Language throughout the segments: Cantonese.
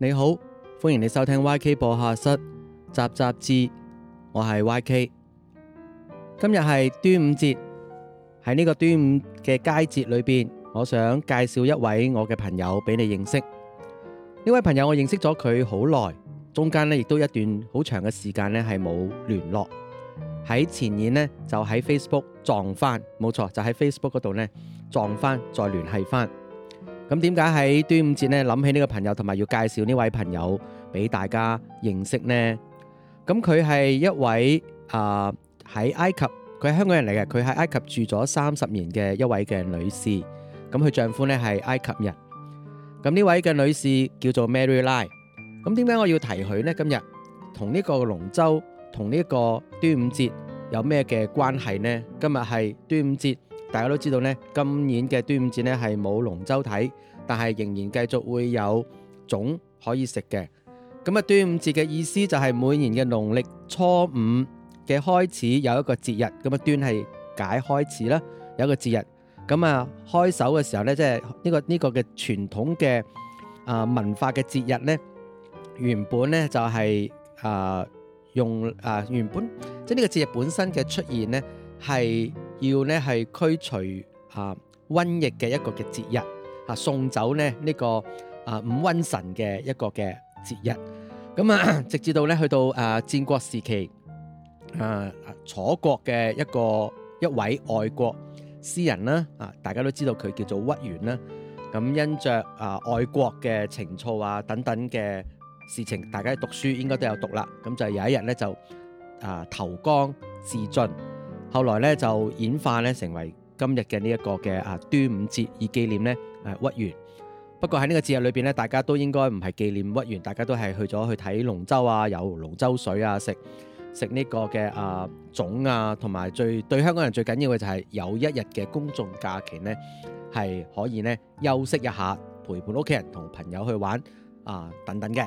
你好，歡迎你收聽 YK 播客室雜雜誌，我係 YK。今日係端午節，喺呢個端午嘅佳節裏邊，我想介紹一位我嘅朋友俾你認識。呢位朋友我認識咗佢好耐，中間呢亦都一段好長嘅時間呢係冇聯絡，喺前年呢，就喺 Facebook 撞翻，冇錯，就喺 Facebook 嗰度呢撞翻再聯繫翻。咁點解喺端午節咧諗起呢個朋友，同埋要介紹呢位朋友俾大家認識呢？咁佢係一位啊喺、呃、埃及，佢係香港人嚟嘅，佢喺埃及住咗三十年嘅一位嘅女士。咁佢丈夫咧係埃及人。咁呢位嘅女士叫做 Mary Ly。咁點解我要提佢呢？今日同呢個龍舟，同呢個端午節有咩嘅關係呢？今日係端午節。大家都知道咧，今年嘅端午節咧係冇龍舟睇，但係仍然繼續會有粽可以食嘅。咁啊，端午節嘅意思就係每年嘅農曆初五嘅開始有一個節日，咁啊端係解開始啦，有一個節日。咁啊，開首嘅時候呢，即係呢個呢、呢個嘅傳統嘅啊、呃、文化嘅節日呢，原本呢就係、是、啊、呃、用啊、呃、原本即係呢個節日本身嘅出現呢係。要咧係驅除啊瘟疫嘅一個嘅節日啊，送走咧呢個啊五瘟神嘅一個嘅節日。咁啊，直至到咧去到啊戰國時期啊，楚國嘅一個一位愛國詩人啦啊，大家都知道佢叫做屈原啦。咁因着啊愛國嘅情操啊等等嘅事情，大家讀書應該都有讀啦。咁就有一日咧就啊投江自盡。後來咧就演化咧成為今日嘅呢一個嘅啊端午節，以紀念咧誒屈原。不過喺呢個節日裏邊咧，大家都應該唔係紀念屈原，大家都係去咗去睇龍舟啊，有龍舟水啊，食食呢個嘅啊粽啊，同埋最對香港人最緊要嘅就係有一日嘅公眾假期咧，係可以咧休息一下，陪伴屋企人同朋友去玩啊等等嘅。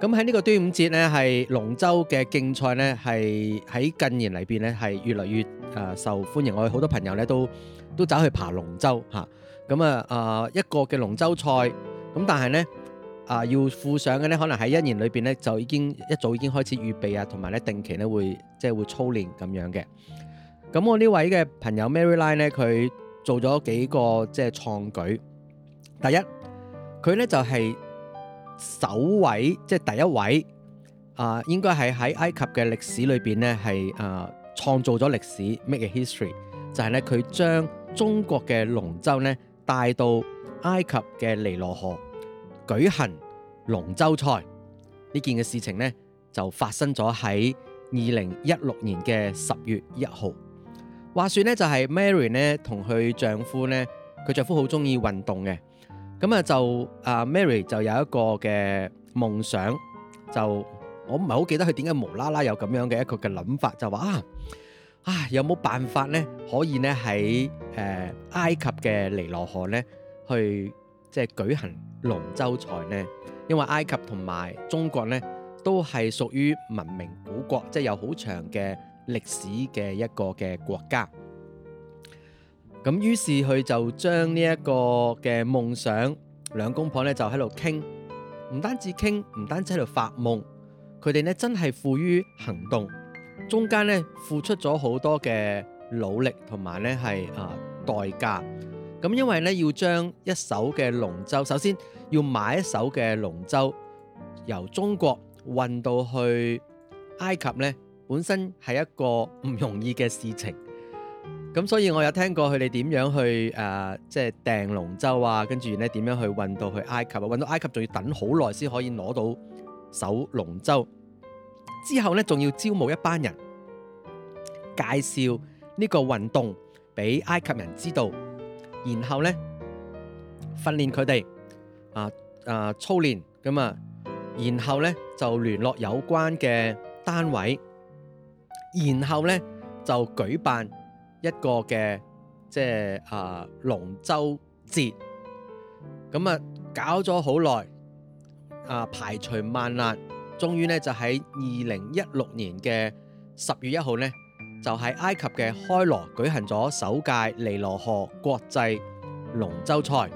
咁喺呢個端午節呢，係龍舟嘅競賽呢係喺近年嚟邊呢係越嚟越啊、呃、受歡迎。我哋好多朋友呢，都都走去爬龍舟嚇。咁啊啊、呃、一個嘅龍舟賽，咁但係呢，啊、呃、要附上嘅呢，可能喺一年裏邊呢，就已經一早已經開始預備啊，同埋呢定期呢會即係會操練咁樣嘅。咁我呢位嘅朋友 Maryline 呢，佢做咗幾個即係創舉。第一，佢呢就係、是。首位即係第一位啊、呃，應該係喺埃及嘅歷史裏邊咧，係誒創造咗歷史 make a history，就係咧佢將中國嘅龍舟咧帶到埃及嘅尼羅河舉行龍舟賽，呢件嘅事情咧，就發生咗喺二零一六年嘅十月一號。話說呢，就係、是、Mary 咧同佢丈夫咧，佢丈夫好中意運動嘅。咁啊就阿、uh, Mary 就有一個嘅夢想，就我唔係好記得佢點解無啦啦有咁樣嘅一個嘅諗法，就話啊啊有冇辦法咧可以咧喺誒埃及嘅尼羅河咧去即係、就是、舉行龍舟賽呢？因為埃及同埋中國咧都係屬於文明古國，即、就、係、是、有好長嘅歷史嘅一個嘅國家。咁於是佢就將呢一個嘅夢想，兩公婆咧就喺度傾，唔單止傾，唔單止喺度發夢，佢哋咧真係付於行動，中間咧付出咗好多嘅努力同埋咧係啊代價。咁因為咧要將一艘嘅龍舟，首先要買一艘嘅龍舟，由中國運到去埃及咧，本身係一個唔容易嘅事情。咁所以我有聽過佢哋點樣去誒，即係訂龍舟啊，跟住咧點樣去運到去埃及啊，運到埃及仲要等好耐先可以攞到手龍舟。之後咧仲要招募一班人介紹這，介紹呢個運動俾埃及人知道，然後咧訓練佢哋啊啊操練咁啊，然後咧就聯絡有關嘅單位，然後咧就舉辦。一個嘅即係啊龍舟節，咁啊搞咗好耐，啊，啊排除萬難，終於呢，就喺二零一六年嘅十月一號呢，就喺埃及嘅開羅舉行咗首屆尼羅河國際龍舟賽。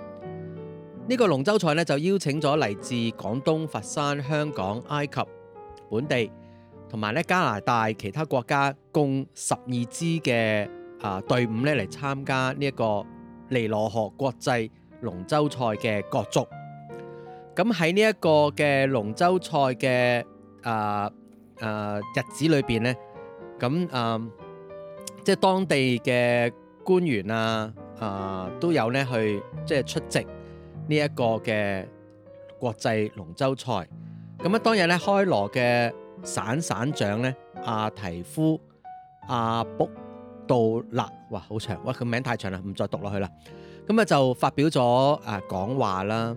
呢、呢個龍舟賽呢，就邀請咗嚟自廣東佛山、香港、埃及本地同埋咧加拿大其他國家共十二支嘅。啊，隊、呃、伍咧嚟參加呢一個尼羅河國際龍舟賽嘅角逐。咁喺呢一個嘅龍舟賽嘅啊啊日子裏邊咧，咁、呃、啊，即係當地嘅官員啊啊、呃、都有咧去即係出席呢一個嘅國際龍舟賽。咁啊，當日咧，開羅嘅省省長咧阿提夫阿卜。到啦，哇，好長，哇，個名太長啦，唔再讀落去啦。咁啊，就發表咗啊講話啦。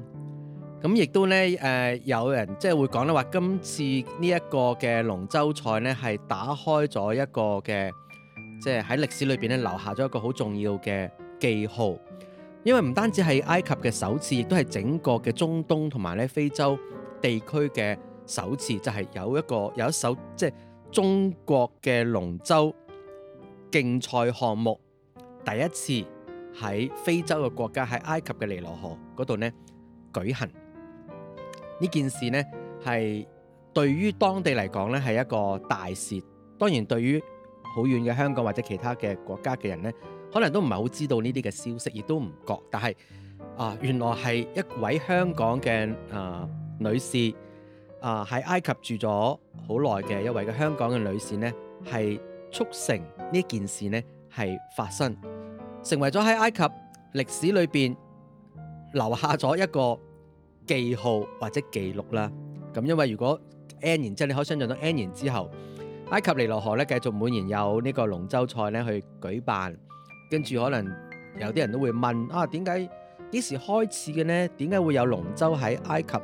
咁亦都咧，誒、呃、有人即係會講咧話，今次呢一個嘅龍舟賽咧，係打開咗一個嘅，即係喺歷史裏邊咧留下咗一個好重要嘅記號。因為唔單止係埃及嘅首次，亦都係整個嘅中東同埋咧非洲地區嘅首次，就係、是、有一個有一首，即、就、係、是、中國嘅龍舟。競賽項目第一次喺非洲嘅國家喺埃及嘅尼羅河嗰度咧舉行，呢件事呢，係對於當地嚟講呢係一個大事。當然，對於好遠嘅香港或者其他嘅國家嘅人呢，可能都唔係好知道呢啲嘅消息，亦都唔覺。但係啊，原來係一位香港嘅啊、呃、女士啊喺埃及住咗好耐嘅一位嘅香港嘅女士呢，係。促成呢件事呢，係發生，成為咗喺埃及歷史裏邊留下咗一個記號或者記錄啦。咁因為如果 N 年之後，你可以想象到 N 年之後，埃及尼羅河呢繼續每年有個龍呢個龍舟賽呢去舉辦，跟住可能有啲人都會問啊，點解幾時開始嘅呢？點解會有龍舟喺埃及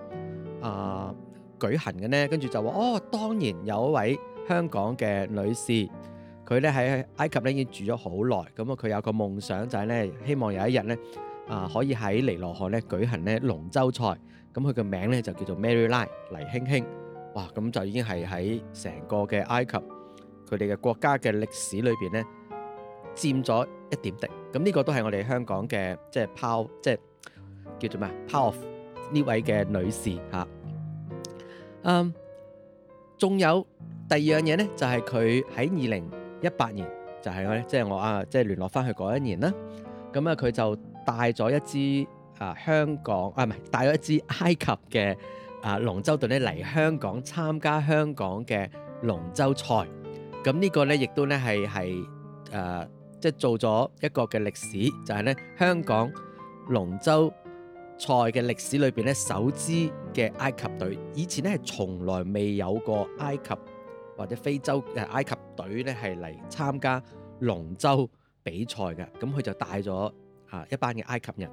啊、呃、舉行嘅呢？說」跟住就話哦，當然有一位香港嘅女士。佢咧喺埃及咧已經住咗好耐，咁啊佢有個夢想就係咧希望有一日咧啊可以喺尼羅河咧舉行咧龍舟賽，咁佢嘅名咧就叫做 Maryline 黎卿卿。哇咁就已經係喺成個嘅埃及佢哋嘅國家嘅歷史裏邊咧佔咗一點滴，咁呢個都係我哋香港嘅即係 pow 即係叫做咩 pow of 呢位嘅女士嚇，嗯，仲有第二樣嘢咧就係佢喺二零就係就係就係、一八年就係咧，即係我啊，即係聯絡翻去嗰一年啦。咁啊，佢就帶咗一支啊香港啊唔係帶咗一支埃及嘅啊、呃、龍舟隊咧嚟香港參加香港嘅龍舟賽。咁呢個咧亦都咧係係誒，即係、呃就係、做咗一個嘅歷史，就係、係、咧香港龍舟賽嘅歷史裏邊咧首支嘅埃及隊，以前咧係從來未有過埃及。或者非洲誒埃及隊咧係嚟參加龍舟比賽嘅，咁佢就帶咗嚇一班嘅埃及人，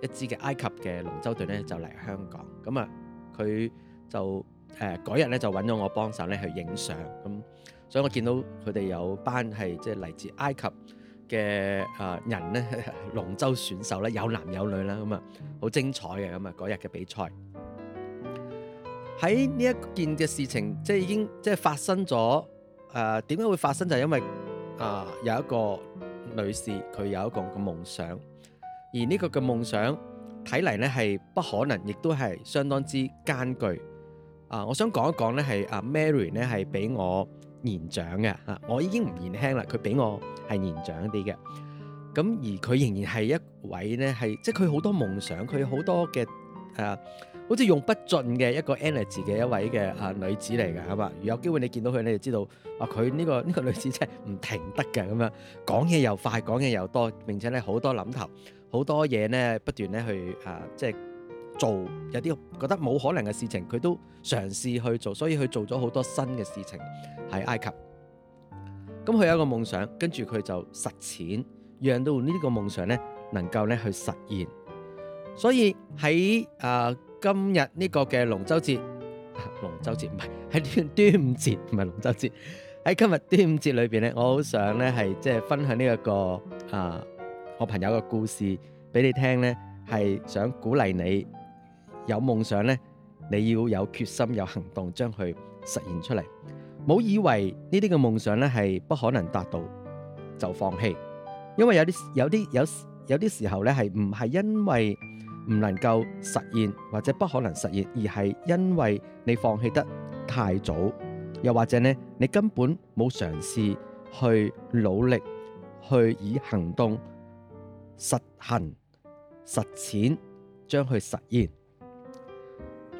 一支嘅埃及嘅龍舟隊咧就嚟香港，咁啊佢就誒嗰日咧就揾咗我幫手咧去影相，咁所以我見到佢哋有班係即係嚟自埃及嘅啊人咧龍舟選手啦，有男有女啦，咁啊好精彩嘅，咁啊嗰日嘅比賽。喺呢一件嘅事情，即係已經即係發生咗。誒點解會發生就係因為啊、呃、有一個女士，佢有一個嘅夢想，而呢個嘅夢想睇嚟呢係不可能，亦都係相當之艱巨。啊、呃，我想講一講呢係啊 Mary 呢係比我年長嘅，嚇我已經唔年輕啦，佢比我係年長啲嘅。咁而佢仍然係一位呢，係即係佢好多夢想，佢好多嘅誒。呃好似用不盡嘅一個 energy 嘅一位嘅啊女子嚟嘅咁啊，如有機會你見到佢，你就知道啊，佢呢個呢個女子真係唔停得嘅，咁樣講嘢又快，講嘢又多，並且咧好多諗頭，好多嘢咧不斷咧去啊、呃，即係做有啲覺得冇可能嘅事情，佢都嘗試去做，所以佢做咗好多新嘅事情喺埃及。咁佢有一個夢想，跟住佢就實踐，讓到呢個夢想咧能夠咧去實現。所以喺啊～、呃今日呢個嘅龍舟節，龍舟節唔係喺端午節，唔係龍舟節。喺今日端午節裏邊咧，我好想咧係即係分享呢一個啊，我朋友嘅故事俾你聽咧，係想鼓勵你有夢想咧，你要有決心、有行動，將佢實現出嚟。唔好以為呢啲嘅夢想咧係不可能達到就放棄，因為有啲有啲有有啲時候咧係唔係因為。唔能夠實現或者不可能實現，而係因為你放棄得太早，又或者咧，你根本冇嘗試去努力，去以行動實行實踐，將佢實現。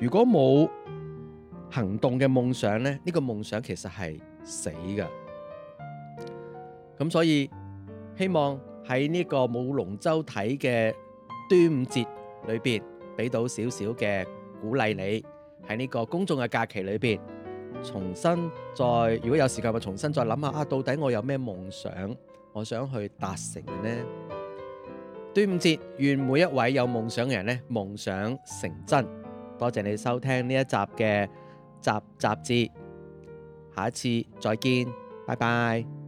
如果冇行動嘅夢想呢，呢個夢想其實係死嘅。咁所以希望喺呢個冇龍舟睇嘅端午節，裏邊俾到少少嘅鼓勵你，你喺呢個公眾嘅假期裏邊，重新再如果有時間，我重新再諗下啊，到底我有咩夢想，我想去達成嘅呢？端午節，願每一位有夢想嘅人呢夢想成真。多謝你收聽呢一集嘅雜雜誌，下一次再見，拜拜。